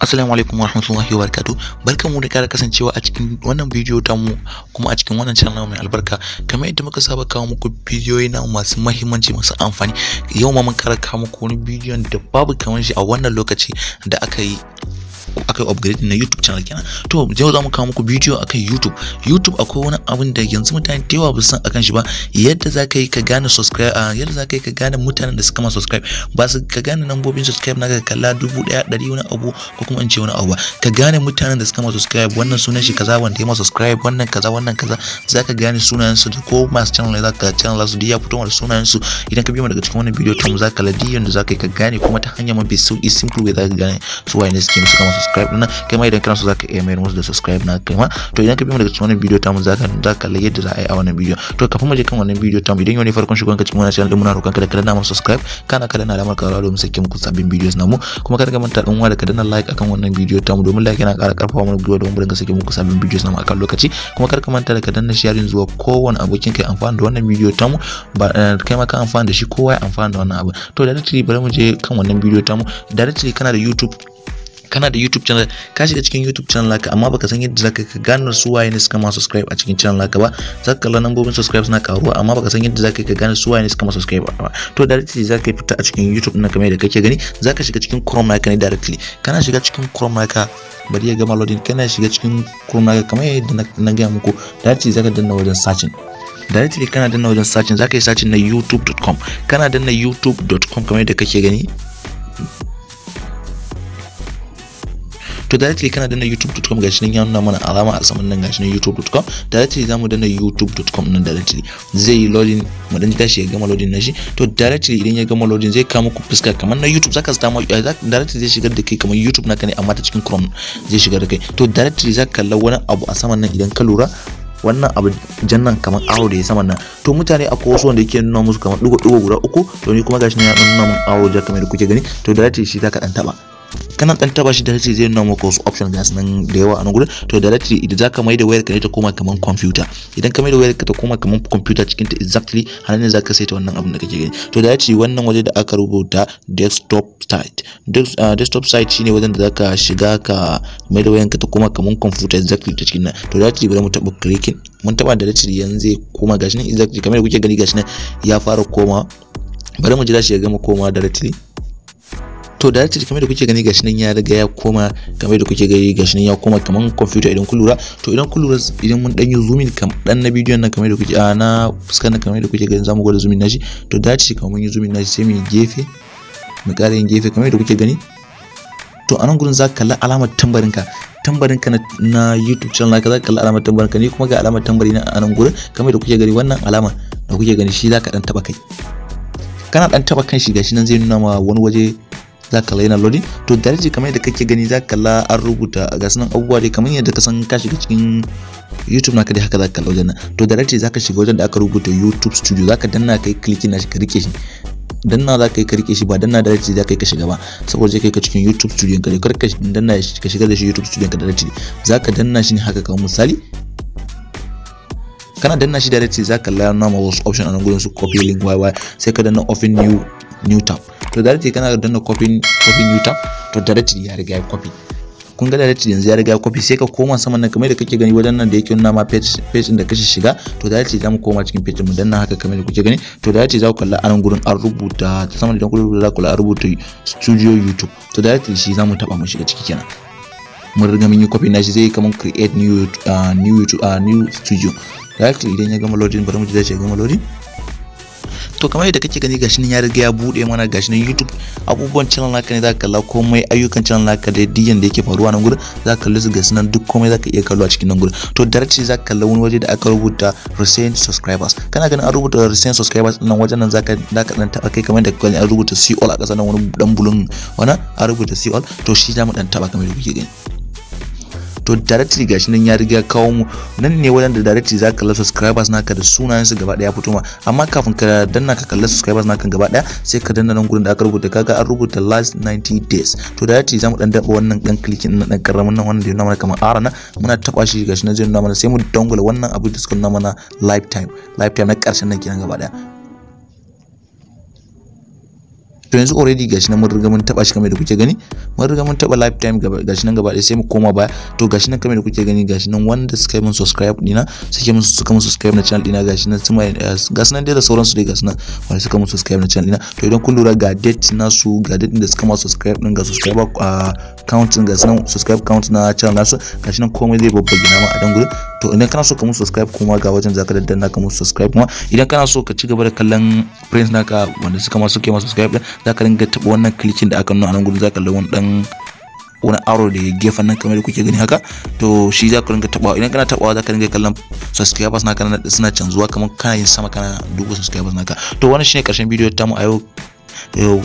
Assalamu alaikum warahmatullahi wabarakatuh barkanmu da kara kasancewa a cikin wannan bidiyo ta mu kuma a cikin wannan channel mai albarka kamar yadda muka saba kawo muku bidiyoyi na masu muhimmanci masu amfani yau ma mun kara kawo muku wani bidiyon da babu kamar shi a wannan lokaci da aka yi aka yi upgrade na YouTube channel kenan to yau za kawo muku bidiyo akan YouTube YouTube akwai wani abin da yanzu mutane da yawa ba san akan shi ba yadda za ka yi ka gane subscribe ah, yadda za ka yi ka gane mutanen da suka ma subscribe ba su ka gane nambobin subscribe na ka kalla dubu daya dari wani abu ko kuma in ce wani abu ba ka gane mutanen da suka ma subscribe wannan sunan shi kaza wanda ya ma subscribe wannan kaza wannan kaza za ka gane sunayen su ko masu channel ne za ka channel su duk ya fito da sunayen su idan ka biyo mu daga cikin wannan bidiyo to mu za ka la diyon da za ka yi ka gane kuma ta hanya mafi sauki simple way za ka gane su waye ne suke suka ma subscribe na kai ma idan kana so zaka iya mai musu da subscribe na kai ma to idan ka bi mu daga cikin wannan bidiyo tamu zaka zaka kalli yadda za a yi a wannan bidiyo to kafin mu je kan wannan bidiyo tamu idan yoni farkon shigon ka cikin wannan channel din muna roƙon ka da ka danna mu subscribe kana ka danna alamar karawa domin sake muku sabbin videos namu kuma kada ka manta dan uwa da ka danna like akan wannan bidiyo tamu domin like yana ƙara ƙarfafa mu gwiwa domin mu dinga sake muku sabbin videos namu akan lokaci kuma kada ka manta da ka danna sharing zuwa kowane abokin kai amfani da wannan bidiyo tamu ba eh, kai ma ka amfani da shi kowa ya amfani da wannan abu to directly bari mu je kan wannan bidiyo tamu directly kana da YouTube kana da YouTube channel ka shiga cikin YouTube channel naka amma baka san yadda zaka ka gane su waye ne suka ma subscribe a cikin channel naka ba zaka kalla nambobin subscribe suna karuwa amma baka san yadda zaka ka gane su waye ne suka ma subscribe ba to directly zaka fita a cikin YouTube ɗin mai da kake gani zaka shiga cikin Chrome naka ne directly kana shiga cikin Chrome naka bari ya gama loading kana shiga cikin Chrome naka kamar yadda na gaya muku directly zaka danna wajen searching directly kana danna wajen searching zaka yi searching na youtube.com kana danna youtube.com kamar yadda kake gani to directly kana danna youtube.com gashi nan ya nuna mana alama a saman nan gashi nan youtube.com directly zamu danna youtube.com nan directly zai yi loading mu dan tashi ya gama loading nashi to directly idan ya gama loading zai kawo muku fuska kamar na youtube zaka samu eh, directly zai shigar da kai kamar youtube naka ne amma ta cikin chrome zai shigar da kai to directly zaka kalla wani abu a saman nan idan ka lura wannan abu jannan kamar aro da ya sama nan to mutane a wasu wanda yake nuna musu kamar dugo-dugo guda uku to ni kuma gashi ne ya nuna mun aro jaka mai da kuke gani to da shi zaka dan taba kana dan taba shi directly zai nuna maka wasu option gas nan da yawa a nan gurin to directly idan zaka mai da wayar ka ta koma kaman computer idan ka mai da wayar ka ta koma kaman computer cikin ta exactly har ne za ka saita wannan abin da kake gani to directly wannan waje da aka rubuta desktop site desktop site shine wajen da za ka shiga ka mai da wayar ka ta koma kaman computer exactly ta cikin nan to directly bari mu taba clicking mun taba directly yanzu zai koma gashi nan exactly kamar da kuke gani gashi nan ya fara koma bari mu jira shi ya gama koma directly to directed kamar da kuke gani gashi nan ya riga ya koma kamar da kuke gani gashi nan ya koma kamar computer idan kullura. to idan kullura idan mun dan yi zoom in kam dan na bidiyon nan kamar da kuke a na fuskar nan kamar da kuke gani zamu gwada zoom in nashi to directed kamar mun yi zoom in nashi sai mu yi gefe mu kare yin gefe kamar da kuke gani to a nan gurin za kalla kalli alamar tambarin ka tambarin ka na YouTube channel naka za kalla kalli alamar tambarin ka ni kuma ga alamar tambari na a nan gurin kamar da kuke gani wannan alama da kuke gani shi za ka dan taba kai kana dan taba kan shi gashi nan zai nuna ma wani waje za ka yana loading to da directly kamar yadda kake gani za ka kalla an rubuta ga sunan abubuwa dai kamar yadda ka san ka shiga cikin YouTube naka dai haka za ka kalla wajen nan to directly za ka shiga wajen da aka rubuta YouTube Studio za ka danna kai click na shi ka rike shi danna za ka yi karke shi ba danna da race za ka yi ka shiga ba saboda zai kai ka cikin YouTube studio ka kar ka danna ka shiga da shi YouTube studio ka da race za ka danna shi ne haka kamar misali kana danna shi da race za ka lana wasu option a nan gurin su copy link yy sai ka danna open new new tab to directly kana danna copy new tab to directly ya riga ya copy kun ga directly yanzu ya riga ya copy sai ka koma saman nan kamar da kake gani wajen nan da yake nuna ma page page da kashi shiga to directly za mu koma cikin page mu danna haka kamar da kuke gani to directly za ku kalla anan gurin an rubuta saman da kun rubuta za ku kalla an rubuta studio youtube to directly shi za mu taba mu shiga ciki kenan mun riga mun yi copy na shi zai kaman create new uh, new uh, new studio directly idan ya gama loading bari mu ji da shi ya gama loading to kamar yadda kake gani gashi nan ya riga ya bude mana gashi YouTube abubuwan channel naka ne zaka kalla komai ayyukan channel naka da diyan da yake faruwa nan gurin zaka kalli su gashi nan duk komai zaka iya kallo a cikin nan gurin to directly zaka kalla wani waje da aka rubuta recent subscribers kana ganin an rubuta recent subscribers nan wajen nan zaka zaka dan taba kai kamar da kake an rubuta see all a ƙasa nan wani dan bulun wannan an rubuta see all to shi za mu dan taba kamar da kuke gani to directory gashi nan ya riga kawo mu nan ne wajen da directly za ka kalla subscribers naka da sunayen su gaba daya fito ma amma kafin ka danna ka kalla subscribers naka gaba daya sai ka danna nan gurin da aka rubuta kaga an rubuta last 90 days to directory za mu dan daba wannan dan clicking na dan karamin nan wannan da yana mana kamar ara na muna taba shi gashi nan zai nuna mana sai mu dangula wannan abu da suka nuna mana lifetime lifetime na karshen nan kenan gaba daya to yanzu already gashi nan mun riga mun taba shi kamar da kuke gani mun riga mun taba lifetime gashi nan gaba sai mu koma baya to gashi nan kamar da kuke gani gashi nan wanda suka yi mun subscribe dina suke mun suka mun subscribe na channel dina gashi nan suma eh, gashi nan dai da sauransu dai gashi nan wanda suka mun subscribe na channel dina to idan kun lura ga date nasu ga date da suka mun subscribe din ga subscriber ah, count ga sanan subscribe count na channel nasu gashi nan komai zai babbage nama a dan gurin to idan kana so ka mu subscribe kuma ga wajen zaka daddanna ka mu subscribe kuma idan kana so ka ci gaba da kallon friends naka wanda suka ma suke ma subscribe din zaka ringa taba wannan clicking da aka nuna a nan gurin zaka kalla wani dan wani aro da gefen nan kamar da kuke gani haka to shi za ka ringa tabawa idan kana tabawa za ka ringa kallon subscribers naka suna canzuwa kamar kana yin sama kana duba subscribers naka to wannan shine karshen bidiyo tamu a yau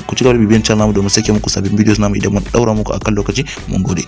ku ci gaba da bibiyan channel namu domin sake muku sabbin videos namu idan mun daura muku akan lokaci mun gode